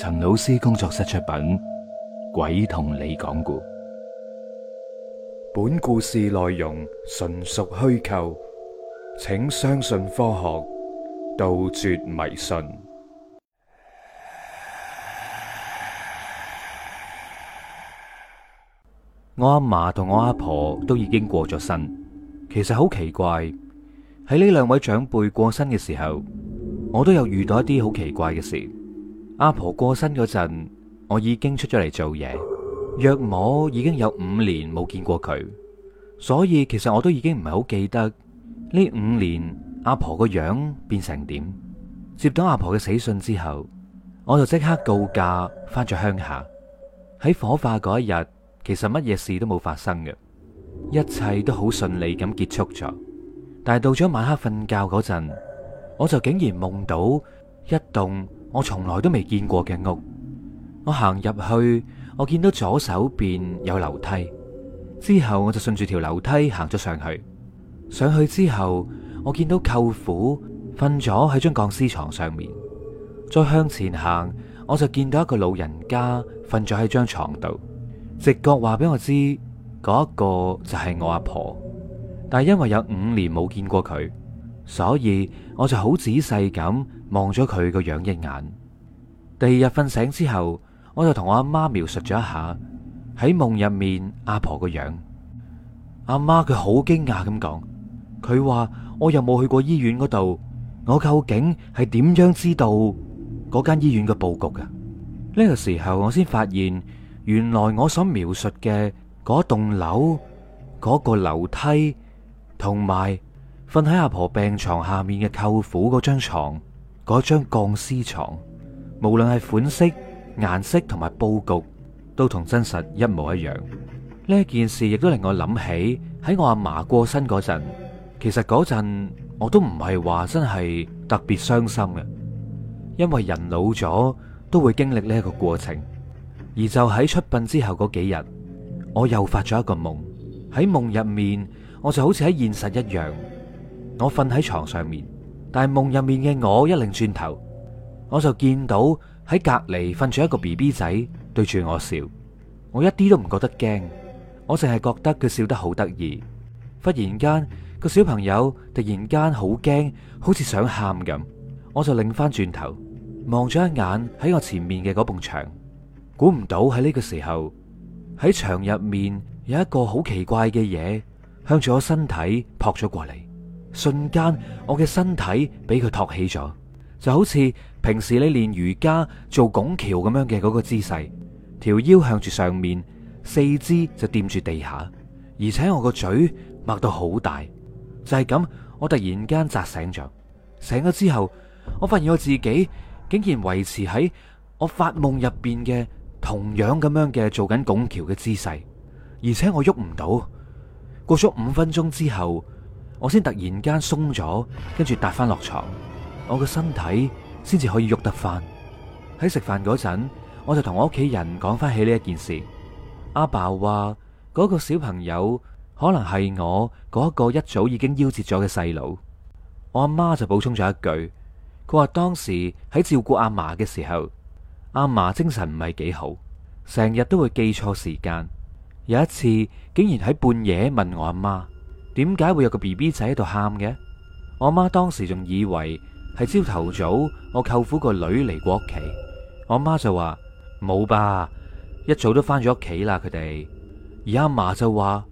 陳老師工作室出品《鬼同你講故》，本故事內容純屬虛構，請相信科學，杜絕迷信。 我阿嫲同我阿婆都已經過咗身，其實好奇怪，喺呢兩位長輩過身嘅時候，我都有遇到一啲好奇怪嘅事。阿婆過身嗰陣，我已經出咗嚟做嘢，約我已經有五年冇見過佢，所以其實我都已經唔係好記得呢五年阿婆個樣變成點。接到阿婆嘅死訊之後，我就即刻告假翻咗鄉下。喺火化嗰一日，其實乜嘢事都冇發生嘅，一切都好順利咁結束咗。但係到咗晚黑瞓覺嗰陣，我就竟然夢到一棟。我從來都未見過嘅屋，我行入去，我見到左手邊有樓梯，之後我就順住條樓梯行咗上去。上去之後，我見到舅父瞓咗喺張鋼絲床上面。再向前行，我就見到一個老人家瞓咗喺張床度，直覺話俾我知嗰一個就係我阿婆，但係因為有五年冇見過佢。所以我就好仔細咁望咗佢個樣一眼。第二日瞓醒之後，我就同我阿媽描述咗一下喺夢入面阿婆個樣。阿媽佢好驚訝咁講，佢話我又冇去過醫院嗰度，我究竟係點樣知道嗰間醫院嘅布局噶？呢個時候我先發現，原來我所描述嘅嗰棟樓、嗰個樓梯同埋，瞓喺阿婆病床下面嘅舅父嗰張床，嗰張鋼絲床，無論係款式、顏色同埋布局，都同真實一模一樣。呢一件事亦都令我諗起喺我阿嫲過身嗰陣，其實嗰陣我都唔係話真係特別傷心嘅，因為人老咗都會經歷呢一個過程。而就喺出殯之後嗰幾日，我又發咗一個夢，喺夢入面，我就好似喺現實一樣。我瞓喺床上面，但係夢入面嘅我一擰轉頭，我就見到喺隔離瞓住一個 B B 仔對住我笑。我一啲都唔覺得驚，我淨係覺得佢笑得好得意。忽然間，個小朋友突然間好驚，好似想喊咁，我就擰翻轉頭望咗一眼喺我前面嘅嗰埲牆，估唔到喺呢個時候喺牆入面有一個好奇怪嘅嘢向住我身體撲咗過嚟。瞬間，我嘅身體俾佢托起咗，就好似平時你練瑜伽做拱橋咁樣嘅嗰個姿勢，條腰向住上面，四肢就掂住地下，而且我個嘴擘到好大，就係咁，我突然間扎醒咗。醒咗之後，我發現我自己竟然維持喺我發夢入邊嘅同樣咁樣嘅做緊拱橋嘅姿勢，而且我喐唔到。過咗五分鐘之後。我先突然間鬆咗，跟住搭翻落床，我個身體先至可以喐得翻。喺食飯嗰陣，我就同我屋企人講翻起呢一件事。阿爸話嗰個小朋友可能係我嗰個一早已經夭折咗嘅細佬。我阿媽就補充咗一句，佢話當時喺照顧阿嫲嘅時候，阿嫲精神唔係幾好，成日都會記錯時間。有一次，竟然喺半夜問我阿媽。點解會有個 B B 仔喺度喊嘅？我阿媽當時仲以為係朝頭早我舅父個女嚟過屋企，我阿媽就話冇吧，一早都翻咗屋企啦佢哋。而阿嫲就話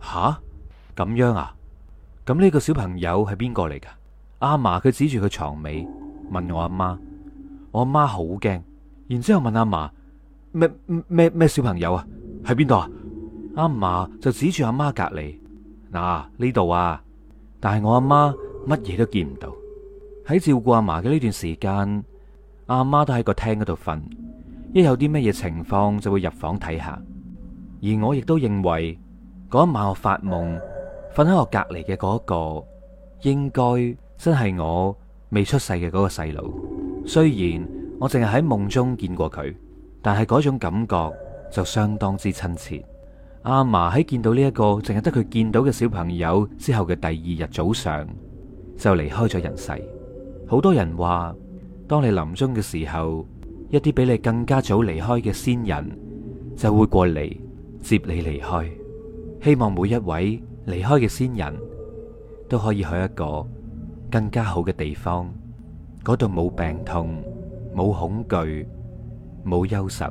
吓咁樣啊？咁呢個小朋友係邊個嚟噶？阿嫲佢指住佢床尾問我阿媽，我阿媽好驚，然之後問阿嫲咩咩咩小朋友啊？喺邊度啊？阿嫲就指住阿媽隔籬。嗱，呢度啊，啊，但係我阿媽乜嘢都見唔到。喺照顧阿嫲嘅呢段時間，阿媽，媽都喺個廳嗰度瞓，一有啲咩嘢情況就會入房睇下。而我亦都認為嗰一晚我發夢，瞓喺我隔籬嘅嗰個，應該真係我未出世嘅嗰個細路。雖然我淨係喺夢中見過佢，但係嗰種感覺就相當之親切。阿嫲喺見到呢一個淨係得佢見到嘅小朋友之後嘅第二日早上就離開咗人世。好多人話，當你臨終嘅時候，一啲比你更加早離開嘅先人就會過嚟接你離開。希望每一位離開嘅先人都可以去一個更加好嘅地方，嗰度冇病痛、冇恐懼、冇憂愁。